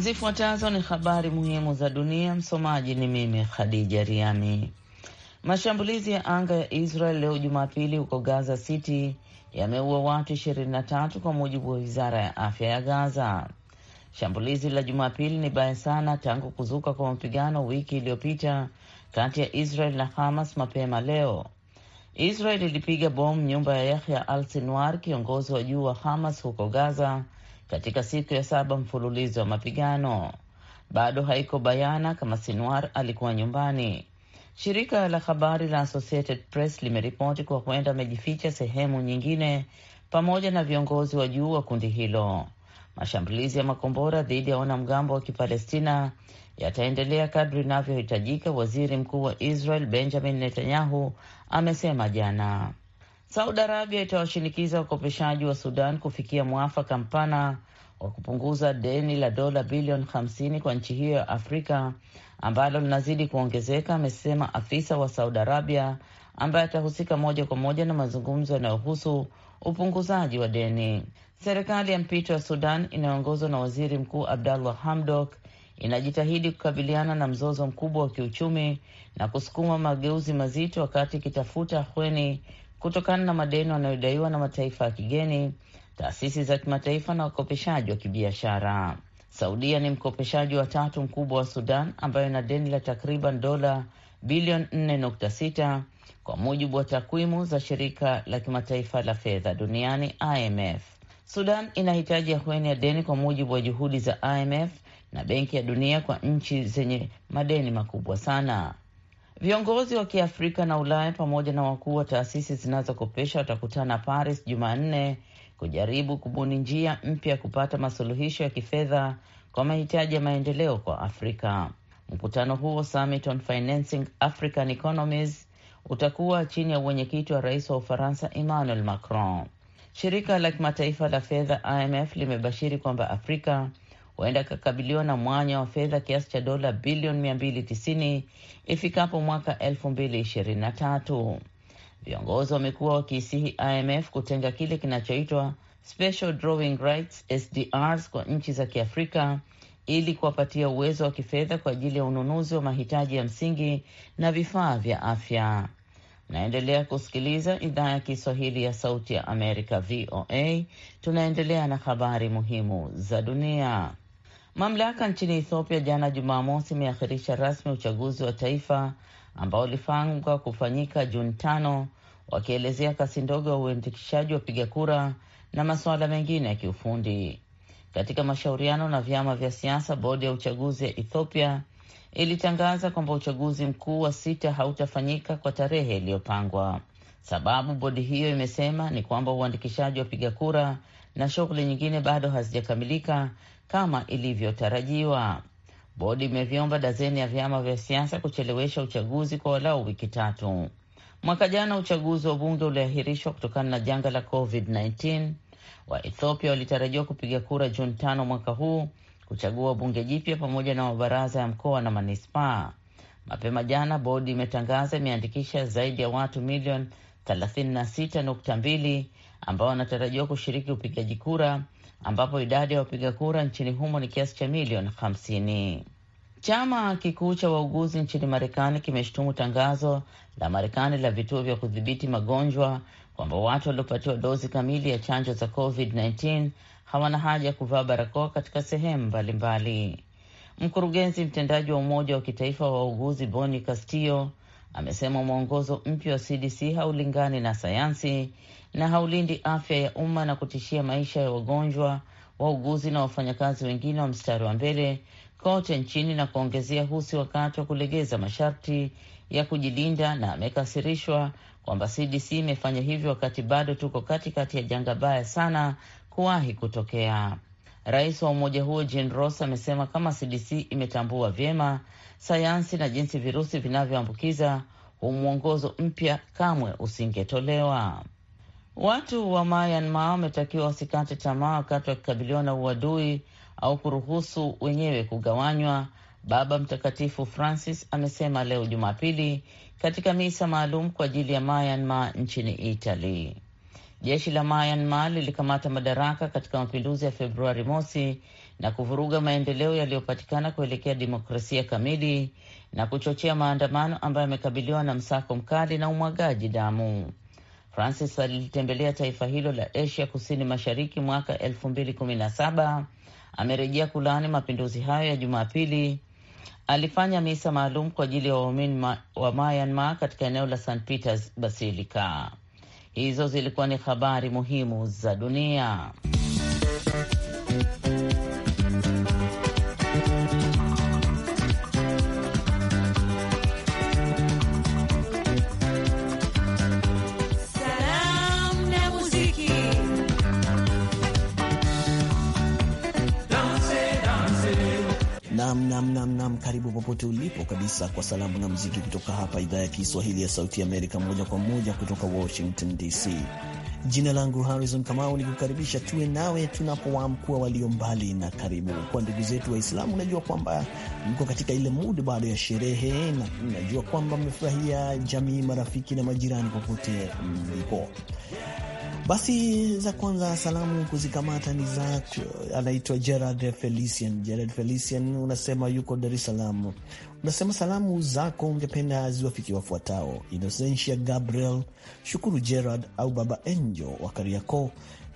Zifuatazo ni habari muhimu za dunia. Msomaji ni mimi Khadija Riami. Mashambulizi ya anga ya Israel leo Jumapili huko Gaza City yameua watu 23 kwa mujibu wa wizara ya afya ya Gaza. Shambulizi la Jumapili ni baya sana tangu kuzuka kwa mapigano wiki iliyopita kati ya Israel na Hamas. Mapema leo Israel ilipiga bomu nyumba ya Yahya al Sinwar, kiongozi wa juu wa Hamas huko Gaza, katika siku ya saba mfululizo wa mapigano. Bado haiko bayana kama Sinwar alikuwa nyumbani. Shirika la habari la Associated Press limeripoti kuwa huenda amejificha sehemu nyingine pamoja na viongozi wa juu wa kundi hilo. Mashambulizi ya makombora dhidi ya wanamgambo wa Kipalestina yataendelea kadri inavyohitajika, waziri mkuu wa Israel Benjamin Netanyahu amesema jana. Saudi Arabia itawashinikiza wakopeshaji wa Sudan kufikia mwafaka mpana wa kupunguza deni la dola bilioni 50 kwa nchi hiyo ya Afrika ambalo linazidi kuongezeka, amesema afisa wa Saudi Arabia ambaye atahusika moja kwa moja na mazungumzo yanayohusu upunguzaji wa deni. Serikali ya mpito ya Sudan inayoongozwa na waziri mkuu Abdallah Hamdok inajitahidi kukabiliana na mzozo mkubwa wa kiuchumi na kusukuma mageuzi mazito, wakati ikitafuta hweni kutokana na madeni wanayodaiwa na mataifa ya kigeni, taasisi za kimataifa na wakopeshaji wa kibiashara. Saudia ni mkopeshaji wa tatu mkubwa wa Sudan, ambayo ina deni la takriban dola bilioni 4.6 kwa mujibu wa takwimu za shirika la kimataifa la fedha duniani IMF. Sudan inahitaji ahueni ya deni kwa mujibu wa juhudi za IMF na Benki ya Dunia kwa nchi zenye madeni makubwa sana. Viongozi wa Kiafrika na Ulaya pamoja na wakuu wa taasisi zinazokopesha watakutana Paris Jumanne kujaribu kubuni njia mpya ya kupata masuluhisho ya kifedha kwa mahitaji ya maendeleo kwa Afrika. Mkutano huo Summit on Financing African Economies utakuwa chini ya uwenyekiti wa rais wa Ufaransa Emmanuel Macron. Shirika la kimataifa la fedha IMF limebashiri kwamba Afrika huenda kakabiliwa na mwanya wa fedha kiasi cha dola bilioni 290 ifikapo mwaka 2023. Viongozi wamekuwa wakiisihi IMF kutenga kile kinachoitwa special drawing rights SDRs kwa nchi za Kiafrika ili kuwapatia uwezo wa kifedha kwa ajili ya ununuzi wa mahitaji ya msingi na vifaa vya afya. Naendelea kusikiliza idhaa ya Kiswahili ya Sauti ya Amerika, VOA. Tunaendelea na habari muhimu za dunia. Mamlaka nchini Ethiopia jana Jumamosi imeakhirisha rasmi uchaguzi wa taifa ambao ulipangwa kufanyika Juni tano, wakielezea kasi ndogo ya uandikishaji wa piga kura na masuala mengine ya kiufundi. Katika mashauriano na vyama vya siasa, bodi ya uchaguzi ya Ethiopia ilitangaza kwamba uchaguzi mkuu wa sita hautafanyika kwa tarehe iliyopangwa. Sababu bodi hiyo imesema ni kwamba uandikishaji wa piga kura na shughuli nyingine bado hazijakamilika kama ilivyotarajiwa. Bodi imevyomba dazeni ya vyama vya siasa kuchelewesha uchaguzi kwa walau wiki tatu. Mwaka jana uchaguzi wa bunge uliahirishwa kutokana na janga la COVID-19. Waethiopia walitarajiwa kupiga kura Juni tano mwaka huu kuchagua bunge jipya pamoja na mabaraza ya mkoa na manispaa. Mapema jana bodi imetangaza imeandikisha zaidi ya watu milioni 36.2 ambao wanatarajiwa kushiriki upigaji kura ambapo idadi ya wapiga kura nchini humo ni kiasi cha milioni 50. Chama kikuu cha wauguzi nchini Marekani kimeshutumu tangazo la Marekani la vituo vya kudhibiti magonjwa kwamba watu waliopatiwa dozi kamili ya chanjo za COVID-19 hawana haja ya kuvaa barakoa katika sehemu mbalimbali. Mkurugenzi mtendaji wa Umoja wa Kitaifa wa Wauguzi Boni Castillo amesema mwongozo mpya wa CDC haulingani na sayansi na haulindi afya ya umma na kutishia maisha ya wagonjwa, wauguzi na wafanyakazi wengine wa mstari wa mbele kote nchini, na kuongezea husi wakati wa kulegeza masharti ya kujilinda, na amekasirishwa kwamba CDC imefanya hivyo wakati bado tuko katikati ya janga baya sana kuwahi kutokea. Rais wa umoja huo Jane Ross amesema kama CDC imetambua vyema sayansi na jinsi virusi vinavyoambukiza, huu mwongozo mpya kamwe usingetolewa. Watu wa Myanmar wametakiwa wasikate tamaa wakati wakikabiliwa na uadui au kuruhusu wenyewe kugawanywa. Baba Mtakatifu Francis amesema leo Jumapili katika misa maalum kwa ajili ya Myanmar nchini Italy. Jeshi la Myanmar lilikamata madaraka katika mapinduzi ya Februari mosi na kuvuruga maendeleo yaliyopatikana kuelekea demokrasia kamili na kuchochea maandamano ambayo yamekabiliwa na msako mkali na umwagaji damu. Francis alilitembelea taifa hilo la Asia kusini mashariki mwaka 2017. Amerejea kulaani mapinduzi hayo ya Jumapili. Alifanya misa maalum kwa ajili ya waumini wa Myanmar katika eneo la St Peters Basilica. Hizo zilikuwa ni habari muhimu za dunia. Nam, nam, nam, karibu popote ulipo kabisa kwa salamu na mziki kutoka hapa idhaa ya Kiswahili ya Sauti ya Amerika, moja kwa moja kutoka Washington DC. Jina langu Harrison Kamau, ni kukaribisha tuwe nawe tunapowaamkua walio mbali na karibu. Kwa ndugu zetu Waislamu, najua kwamba mko katika ile muda baada ya sherehe, na najua kwamba mmefurahia jamii, marafiki na majirani popote mlipo. Basi za kwanza salamu kuzikamata ni zako, anaitwa Gerard Felician. Gerard Felician unasema yuko Dar es Salaam, unasema salamu zako ungependa ziwafikie wafuatao: Inosensia Gabriel, Shukuru Gerard au Baba Enjo wa Kariakoo,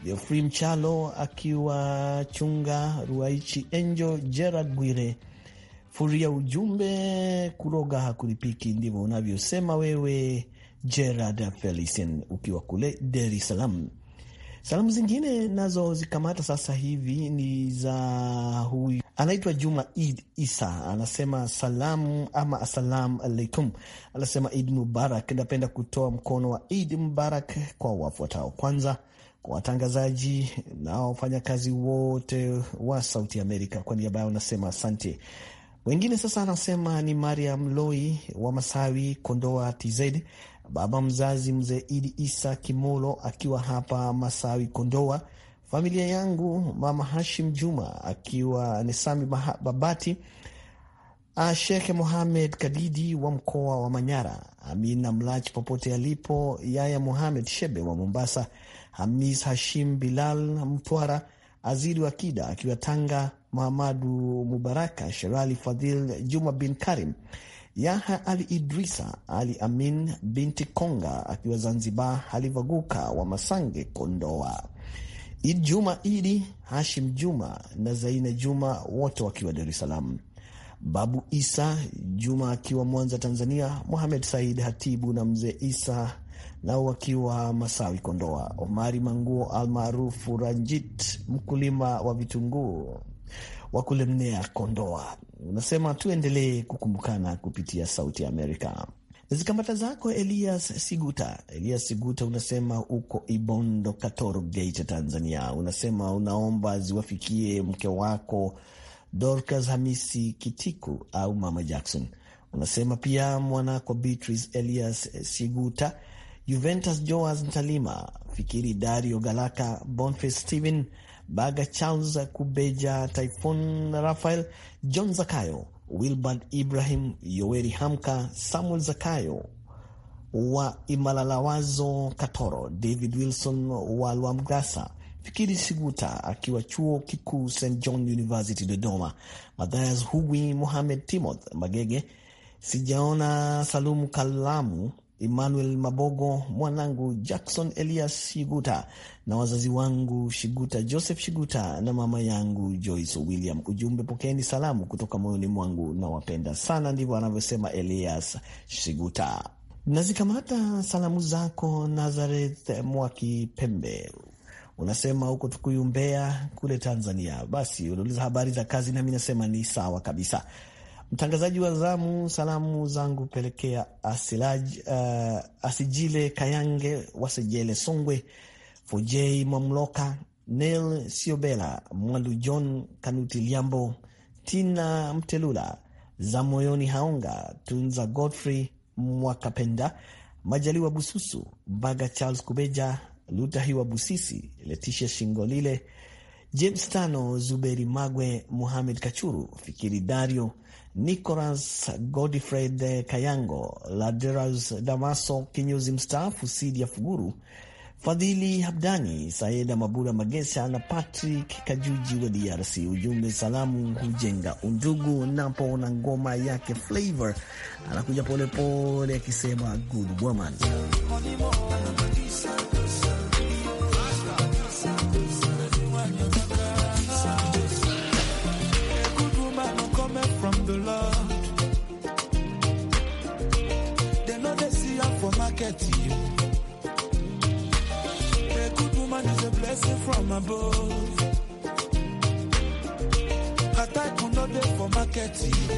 Geoffrey Mchalo akiwa Chunga Ruaichi, Enjo Gerard Bwire Furia. Ujumbe kuroga hakulipiki, ndivyo unavyosema wewe Gerard Felicien ukiwa kule Dar es Salaam. Salamu zingine nazo zikamata sasa hivi ni za huyu anaitwa Juma Id Isa, anasema salamu ama assalamu alaikum. Anasema Id Mubarak, napenda kutoa mkono wa Id Mubarak kwa wafuatao. Kwanza kwa watangazaji na wafanyakazi wote wa Sauti Amerika, kwa niaba yao nasema asante. Wengine sasa anasema ni Mariam Loi wa Masawi, Kondoa TZ baba mzazi mzee Idi Isa Kimolo akiwa hapa Masawi Kondoa, familia yangu mama Hashim Juma akiwa Nesami Babati, ah, Shekhe Mohamed Kadidi wa mkoa wa Manyara, Amina Mlachi popote alipo, Yaya muhamed Shebe wa Mombasa, Hamis Hashim Bilal Mtwara, Aziri Kida akiwa Tanga, Mahamadu Mubaraka Sherali Fadhil Juma bin Karim Yahya Ali Idrisa Ali Amin binti Konga akiwa Zanzibar, Halivaguka wa Masange Kondoa, Id Juma Idi Hashim Juma na Zaina Juma wote wakiwa Dar es Salaam, Babu Isa Juma akiwa Mwanza Tanzania, muhamed Said Hatibu na mzee Isa nao wakiwa Masawi Kondoa, Omari Manguo almaarufu Ranjit mkulima wa vitunguu wa kulemnea Kondoa, unasema tuendelee kukumbukana kupitia Sauti ya Amerika. Zikamata zako Elias Siguta. Elias Siguta unasema uko Ibondo, Katoro, Geita, Tanzania. Unasema unaomba ziwafikie mke wako Dorcas Hamisi Kitiku au Mama Jackson. Unasema pia mwanako Beatrice Elias Siguta, Juventus Joas Ntalima, Fikiri Dario Galaka, Boniface Stephen Baga Charles Kubeja, Typhon Rafael, John Zakayo, Wilbard Ibrahim, Yoweri Hamka, Samuel Zakayo wa Imalalawazo Katoro, David Wilson wa Lwamgasa, Fikiri Siguta akiwa chuo kikuu St John University Dodoma, Mathias Hugwi, Mohamed Timoth Magege, sijaona Salumu Kalamu Emmanuel Mabogo, mwanangu Jackson Elias Shiguta na wazazi wangu Shiguta Joseph Shiguta na mama yangu Joyce William. Ujumbe, pokeeni salamu kutoka moyoni mwangu, nawapenda sana. Ndivyo anavyosema Elias Shiguta. Nazikamata salamu zako Nazareth Mwakipembe, unasema huko Tukuyu, Mbeya kule Tanzania. Basi unauliza habari za kazi, nami nasema ni sawa kabisa. Mtangazaji wa zamu, salamu zangu pelekea Asilaj, uh, Asijile Kayange Wasejele Songwe, Fojei Mwamloka, Nel Siobela Mwalu John Kanuti Liambo, Tina Mtelula za moyoni, Haonga Tunza, Godfrey Mwakapenda, Majaliwa Bususu, Baga Charles Kubeja, hiwa Busisi, Letisha Shingolile, James Tano, Zuberi Magwe, Muhamed Kachuru, Fikiri Dario Nicolas Godfred Kayango, Laderas Damaso kinyozi mstaafu, Sidia Fuguru, Fadhili Habdani, Saida Mabura Magesa na Patrick Kajuji wa DRC. Ujumbe salamu hujenga undugu. Napo na ngoma yake Flavor anakuja polepole akisema good woman get you. A good woman is a blessing from above. I will not there for marketing.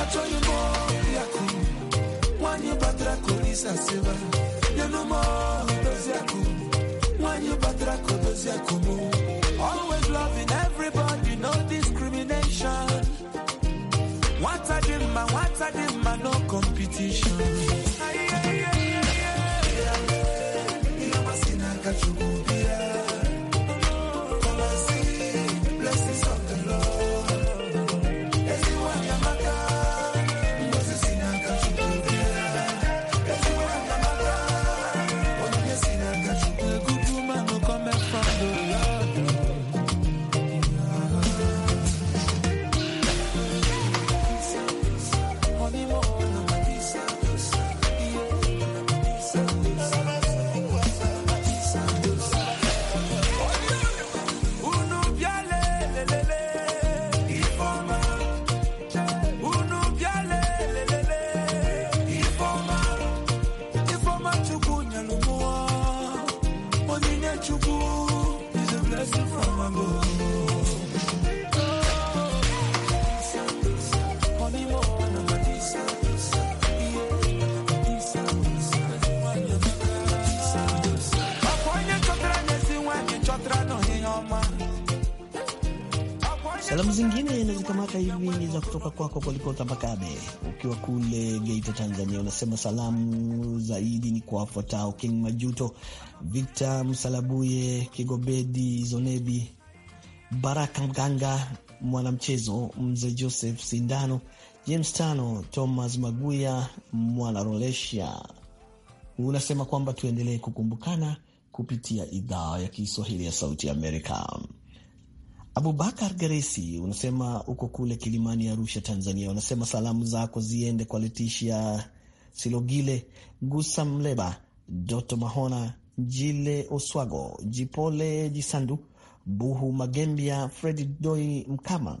I tell you more, Yaku. When you batra kolisa seva. You no more, does Yaku. One you batra kodos Yaku. Always loving everybody, no discrimination. What I did, my what I did, my no competition. Salamu zingine nazikamata hivi ni za kutoka kwako Kolikota Bakabe, ukiwa kule Geita, Tanzania. Unasema salamu zaidi ni kwa wafuatao: King Majuto, Victor Msalabuye, Kigobedi Zonebi, Baraka Mganga, mwanamchezo Mzee Joseph Sindano, James Tano, Thomas Maguya, Mwana Rolesia. Unasema kwamba tuendelee kukumbukana kupitia idhaa ya Kiswahili ya Sauti Amerika. Abubakar Garesi unasema uko kule Kilimani, Arusha, Tanzania. Unasema salamu zako ziende kwa Letishia Silogile, Gusa Mleba, Doto Mahona, Jile Oswago, Jipole Jisandu, Buhu Magembia, Fredi Doi Mkama,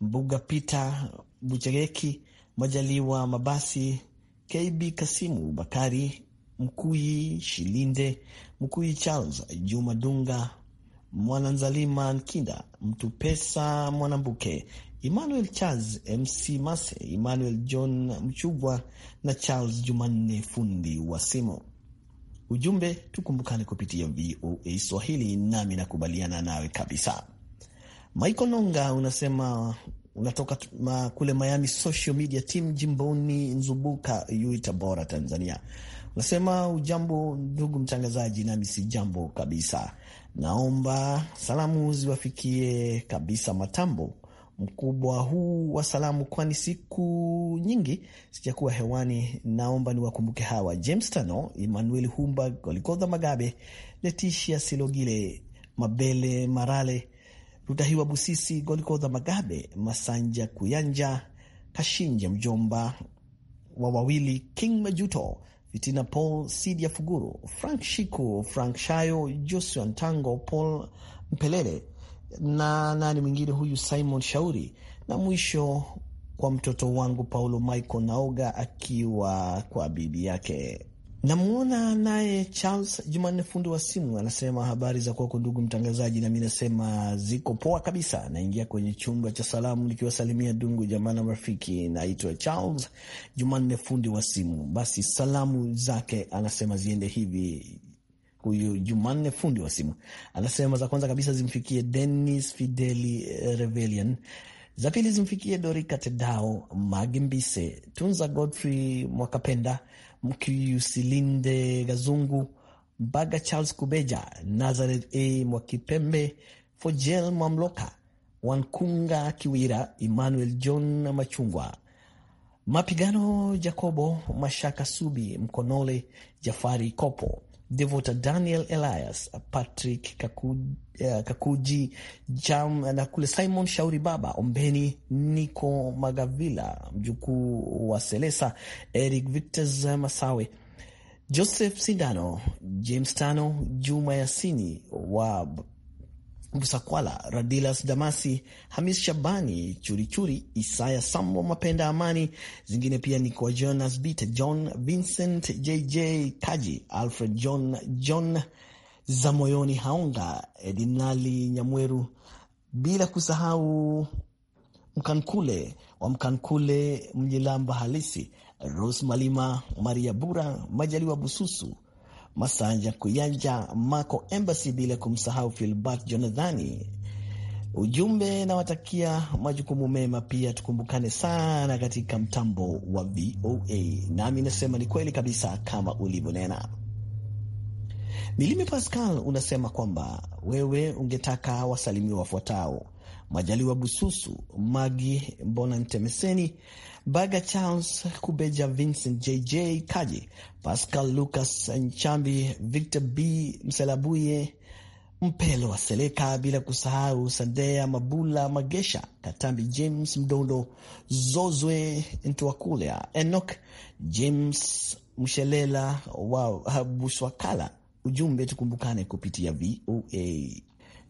Mbuga Pita Buchegeki, Majaliwa Mabasi, KB Kasimu Bakari Mkuyi, Shilinde Mkuyi, Charles Juma Dunga, Mwananzalima Nkinda, Pesa Mwanambuke, Emmanuel Charles, MC Mase, Emmanuel John Mchugwa na Charles Jumanne fundi wa simu. Ujumbe, tukumbukane kupitia VOA Swahili. Nami nakubaliana nawe kabisa. Michael Nonga unasema unatoka ma, kule Miami social media team jimboni Nzubuka Geita, Tabora, Tanzania. Unasema ujambo ndugu mtangazaji, nami si jambo kabisa Naomba salamu ziwafikie kabisa Matambo mkubwa huu wa salamu, kwani siku nyingi sijakuwa hewani. Naomba niwakumbuke hawa: James Tano, Emmanuel Humba, Golikodha Magabe, Leticia Silogile, Mabele Marale, Rutahiwa Busisi, Golikodha Magabe, Masanja Kuyanja, Kashinje mjomba wa wawili, King Majuto, vitina Paul, Sidia Fuguru, Frank Shiku, Frank Shayo, josua Tango, Paul Mpelele na nani mwingine huyu Simon Shauri, na mwisho kwa mtoto wangu Paulo Michael Naoga akiwa kwa bibi yake. Namwona naye Charles Jumanne, fundi wa simu, anasema habari za kwako ndugu mtangazaji. Nami nasema ziko poa kabisa. Naingia kwenye chumba cha salamu nikiwasalimia ndugu jamaa na marafiki. Naitwa Charles Jumanne, fundi wa simu. Basi salamu zake anasema ziende hivi Huyu Jumanne fundi wa simu anasema za kwanza kabisa zimfikie Denis Fideli eh, Revelian, za pili zimfikie Dorika Tedao Magimbise, Tunza Godfrey Mwakapenda, mkiusilinde Gazungu Mbaga, Charles Kubeja, Nazareth A Mwakipembe, Fojel Mwamloka, Wankunga Kiwira, Emmanuel John Machungwa, Mapigano Jacobo Mashaka Subi, Mkonole Jafari Kopo Devota Daniel Elias, Patrick Kakuji, uh, eh, Kakuji Jam eh, na kule Simon Shauri, Baba Ombeni, Niko Magavila, mjukuu wa Selesa, Eric victors Masawe, Joseph Sindano, James Tano, Juma Yasini wa Busakwala, Radilas Damasi, Hamis Shabani, Churichuri, Isaya Sambo, Mapenda Amani. Zingine pia ni kwa Jonas Bite, John Vincent, JJ Kaji, Alfred John, John zamoyoni Haonga, Edinali Nyamweru, bila kusahau Mkankule wa Mkankule, Mjilamba halisi, Rose Malima, Maria Bura, Majaliwa Bususu, Masanja Kuyanja, Marco Embassy, bila kumsahau Filbert Jonathani. Ujumbe nawatakia majukumu mema. Pia tukumbukane sana katika mtambo wa VOA. Nami nasema ni kweli kabisa kama ulivyonena. Milime Pascal unasema kwamba wewe ungetaka wasalimiwa wafuatao Majaliwa Bususu, Magi Bonante Meseni, Baga, Charles Kubeja, Vincent JJ Kaji, Pascal Lucas Nchambi, Victor B Mselabuye, Mpelo wa Seleka, bila kusahau Sandea Mabula Magesha, Katambi James Mdondo, Zozwe Ntuakulea, Enok James Mshelela wa Buswakala. Ujumbe tukumbukane kupitia VOA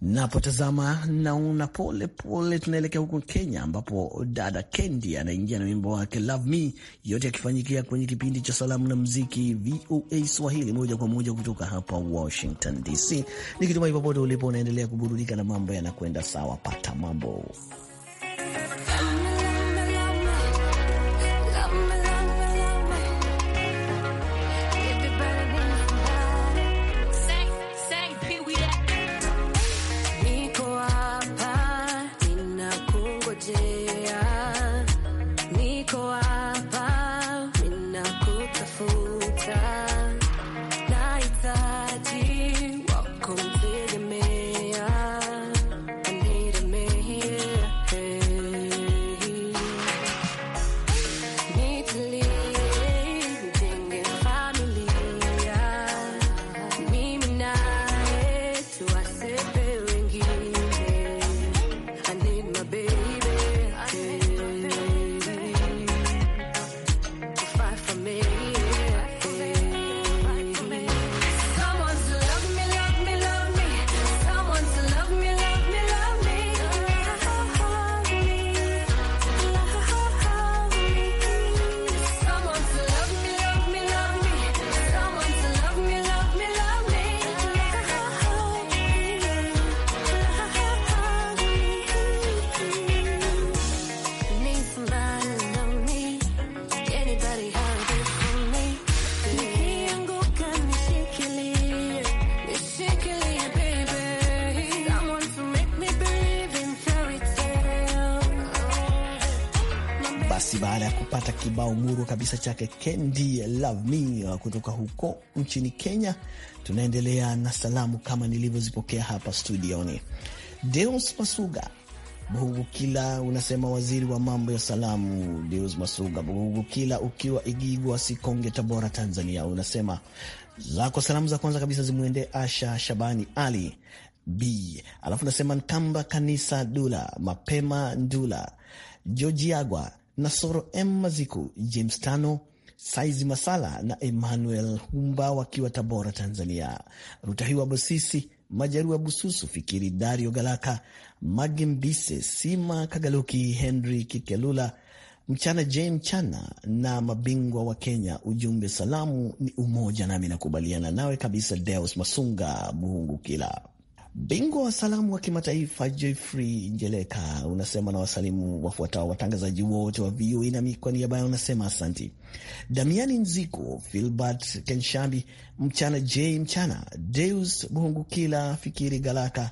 Napotazama naona pole pole tunaelekea huko Kenya, ambapo dada Kendi anaingia na wimbo wake Love Me, yote yakifanyikia kwenye kipindi cha salamu na muziki VOA Swahili, moja kwa moja kutoka hapa Washington DC, nikitumai popote ulipo unaendelea kuburudika na mambo yanakwenda sawa. Pata mambo maumuru kabisa chake Kendi Love Me kutoka huko nchini Kenya. Tunaendelea na salamu kama nilivyozipokea hapa studioni. Deus Masuga Bugugu Kila unasema waziri wa mambo ya salamu Deus Masuga Bugugu Kila ukiwa Igigwa Sikonge, Tabora, Tanzania, unasema zako salamu za kwanza kabisa zimwendee Asha Shabani Ali B, alafu nasema Nkamba Kanisa Dula Mapema Ndula Jojiagwa Nasoro M Maziku, James Tano, Saizi Masala na Emmanuel Humba wakiwa Tabora, Tanzania. Rutahiwa Bosisi Majarua Bususu, Fikiri Dario Galaka, magimbise Sima Kagaluki, Henry Kikelula, Mchana Jane Chana na mabingwa wa Kenya. Ujumbe salamu ni umoja, nami nakubaliana nawe kabisa. Deus Masunga Muhungu Kila Bingwa wa salamu wa kimataifa Jeffrey Njeleka unasema na wasalimu wafuatao watangazaji wote wa VOA nami kwa niaba yao unasema asanti. Damiani Nziko, Filbert Kenshambi, Mchana J Mchana, Deus Buhungukila, Fikiri Galaka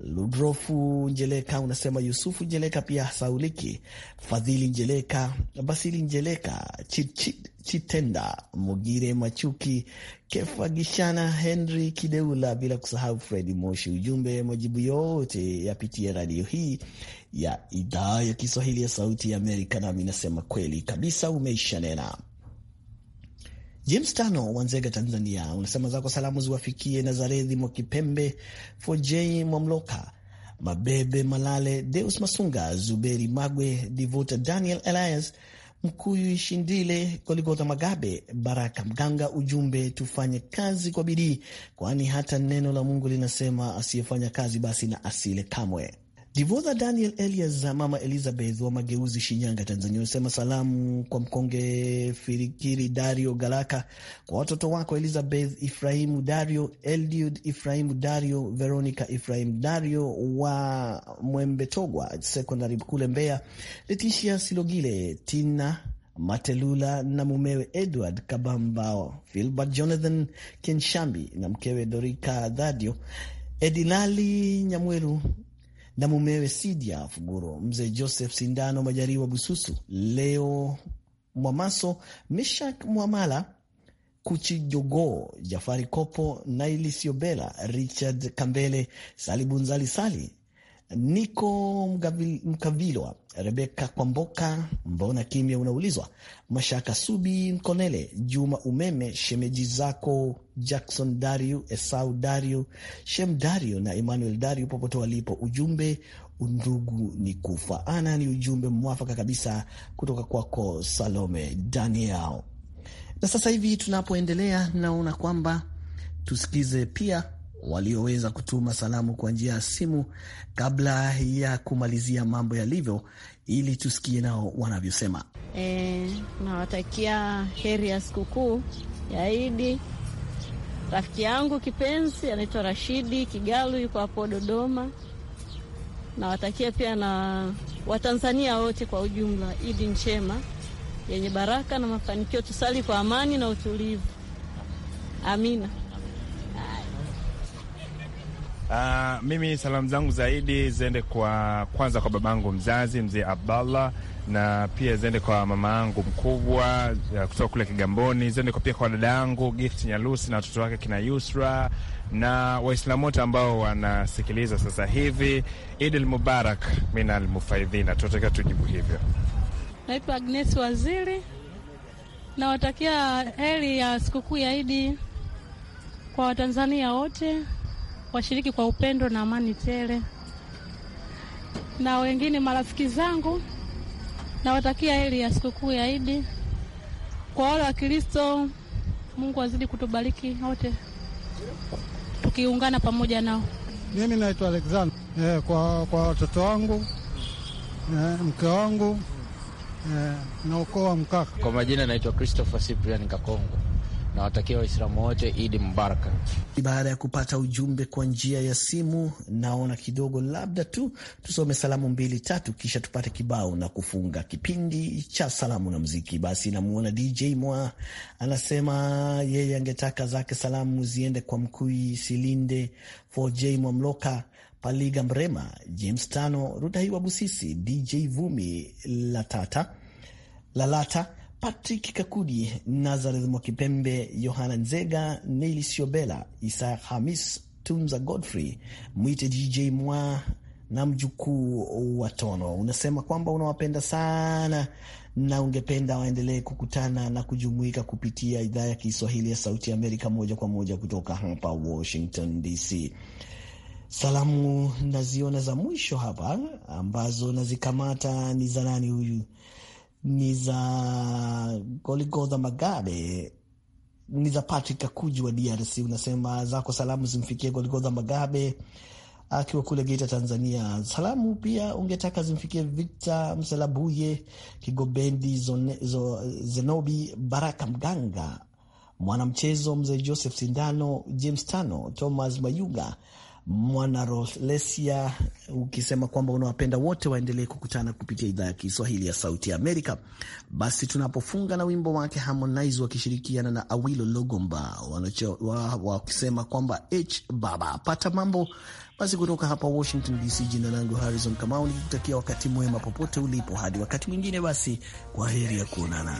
Ludrofu Njeleka unasema Yusufu Njeleka pia sauliki Fadhili Njeleka, Basili Njeleka, Chit Chit Chitenda Mugire, Machuki Kefa Gishana, Henry Kideula, bila kusahau Fredi Moshi. Ujumbe, majibu yote yapitia radio hii ya idhaa ya Kiswahili ya Sauti ya Amerika, nami nasema kweli kabisa, umeisha nena. James Tano wa Nzega, Tanzania, unasema zako salamu ziwafikie Nazarethi Mwakipembe, foj Mwamloka, Mabebe Malale, Deus Masunga, Zuberi Magwe, Divota Daniel Elias Mkuyu Shindile, Goligota Magabe, Baraka Mganga. Ujumbe, tufanye kazi kwa bidii, kwani hata neno la Mungu linasema asiyefanya kazi basi na asile kamwe. Divodha Daniel Elias mama Elizabeth wa Mageuzi, Shinyanga, Tanzania, unasema salamu kwa mkonge Firikiri Dario Galaka, kwa watoto wako Elizabeth Ifrahimu Dario, Eliud Ifrahimu Dario, Veronica ifrahim Dario wa Mwembetogwa Sekondari kule Mbeya, Letishia Silogile, Tina Matelula na mumewe Edward Kabambao, Filbert Jonathan Kenshambi na mkewe Dorika Dhadio, Edilali Nyamweru na mumewe Sidia Fuguro, mzee Joseph Sindano Majariwa Bususu, Leo Mwamaso, Meshak Mwamala, Kuchi Jogo, Jafari Kopo, Naili Siobela, Richard Kambele, Salibunzali Sali Niko Mkavilwa, Rebeka Kwamboka, mbona kimya unaulizwa, Mashaka Subi, Mkonele Juma Umeme, shemeji zako Jackson Dario, Esau Dario, Shem Dario na Emmanuel Dario popote walipo. Ujumbe undugu ni kufa ana. Ni ujumbe mwafaka kabisa kutoka kwako Salome Daniel. Na sasa hivi tunapoendelea, naona kwamba tusikize pia walioweza kutuma salamu kwa njia ya simu kabla ya kumalizia mambo yalivyo, ili tusikie nao wanavyosema. E, nawatakia heri ya sikukuu ya Idi. Rafiki yangu kipenzi anaitwa Rashidi Kigalu, yuko hapo Dodoma. Nawatakia pia na Watanzania wote kwa ujumla Idi njema yenye baraka na mafanikio, tusali kwa amani na utulivu. Amina. Uh, mimi salamu zangu zaidi ziende kwa kwanza kwa babangu mzazi mzee Abdallah, na pia ziende kwa mama yangu mkubwa eh, kutoka kule Kigamboni, ziende kwa pia kwa dada yangu Gift Nyalusi na watoto wake kina Yusra na Waislamu wote ambao wanasikiliza sasa hivi. Idi Mubarak minal mufaidhina, tunatakiwa tujibu hivyo. Naitwa Agnes Waziri, nawatakia heri ya sikukuu ya Idi kwa Watanzania wote washiriki kwa upendo na amani tele, na wengine marafiki zangu nawatakia heri ya sikukuu ya Idi. Kwa wale Wakristo, Mungu azidi kutubariki wote tukiungana pamoja nao. Mimi naitwa Alexander. E, kwa kwa watoto wangu e, mke wangu e, eh, na ukoo wa mkaka. Kwa majina naitwa Christopher Cyprian Kakongo. Nawatakia Waislamu wote Idi Mubaraka. Baada ya kupata ujumbe kwa njia ya simu, naona kidogo labda tu tusome salamu mbili tatu, kisha tupate kibao na kufunga kipindi cha salamu na muziki. Basi namuona DJ Mwa anasema yeye angetaka zake salamu ziende kwa Mkui Silinde, 4J Mwamloka, Paliga Mrema, James Tano, Rudahiwa Busisi, DJ Vumi Latata Lalata Patrick Kakudi, Nazareth Mwakipembe, Yohana Nzega, Neili Siobela, Isaya Hamis, Tumza Godfrey, mwite DJ Mwa na mjukuu wa Tono. Unasema kwamba unawapenda sana na ungependa waendelee kukutana na kujumuika kupitia idhaa ya Kiswahili ya Sauti ya Amerika moja kwa moja kutoka hapa Washington DC. Salamu naziona za mwisho hapa ambazo nazikamata ni za nani huyu? ni za Goligodha Magabe ni za Patrick Kakuji wa DRC. Unasema zako salamu zimfikie Goligodha Magabe akiwa kule Geita, Tanzania. Salamu pia ungetaka zimfikie Victor Mselabuye Kigobendi, Zone, Zo, Zenobi Baraka Mganga, mwanamchezo mzee Joseph Sindano, James Tano, Thomas Mayuga Mwana Rolesia, ukisema kwamba unawapenda wote waendelee kukutana kupitia idhaa ya Kiswahili ya Sauti ya Amerika. Basi tunapofunga na wimbo wake Harmonize wakishirikiana na Awilo Logomba wakisema kwamba h baba pata mambo. Basi kutoka hapa Washington DC, jina langu Harrison Kamau nikikutakia wakati mwema popote ulipo, hadi wakati mwingine. Basi kwa heri ya kuonana.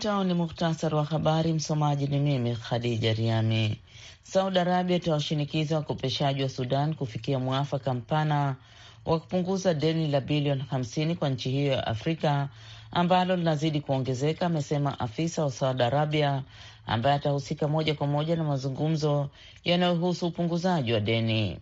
Ufuatao ni muhtasari wa habari. Msomaji ni mimi Khadija Riami. Saudi Arabia itawashinikiza wakopeshaji wa Sudan kufikia mwafaka mpana wa kupunguza deni la bilioni 50 kwa nchi hiyo ya Afrika ambalo linazidi kuongezeka, amesema afisa wa Saudi Arabia ambaye atahusika moja kwa moja na mazungumzo yanayohusu upunguzaji wa deni.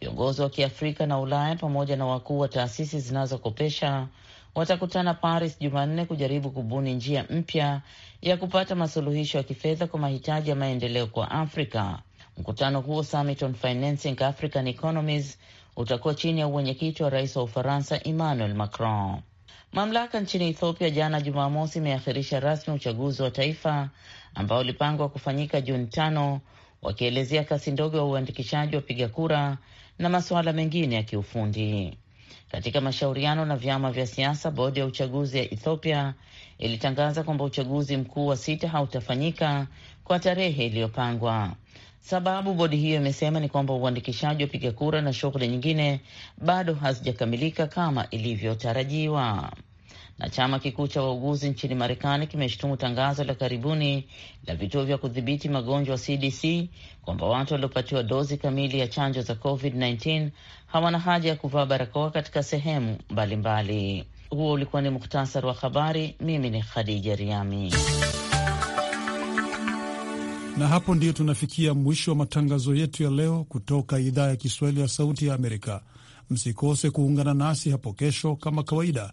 Viongozi wa Kiafrika na Ulaya pamoja na wakuu wa taasisi zinazokopesha watakutana Paris Jumanne kujaribu kubuni njia mpya ya kupata masuluhisho ya kifedha kwa mahitaji ya maendeleo kwa Afrika. Mkutano huo Summit on Financing African Economies utakuwa chini ya uwenyekiti wa rais wa Ufaransa Emmanuel Macron. Mamlaka nchini Ethiopia jana Jumamosi imeakhirisha rasmi uchaguzi wa taifa ambao ulipangwa kufanyika Juni tano, wakielezea kasi ndogo ya uandikishaji wa piga kura na masuala mengine ya kiufundi. Katika mashauriano na vyama vya siasa, bodi ya uchaguzi ya Ethiopia ilitangaza kwamba uchaguzi mkuu wa sita hautafanyika kwa tarehe iliyopangwa. Sababu bodi hiyo imesema ni kwamba uandikishaji wa piga kura na shughuli nyingine bado hazijakamilika kama ilivyotarajiwa na chama kikuu cha wauguzi nchini Marekani kimeshutumu tangazo la karibuni la vituo vya kudhibiti magonjwa CDC kwamba watu waliopatiwa dozi kamili ya chanjo za COVID-19 hawana haja ya kuvaa barakoa katika sehemu mbalimbali. Huo ulikuwa ni muktasari wa habari. Mimi ni Khadija Riami, na hapo ndiyo tunafikia mwisho wa matangazo yetu ya leo kutoka idhaa ya Kiswahili ya Sauti ya Amerika. Msikose kuungana nasi hapo kesho kama kawaida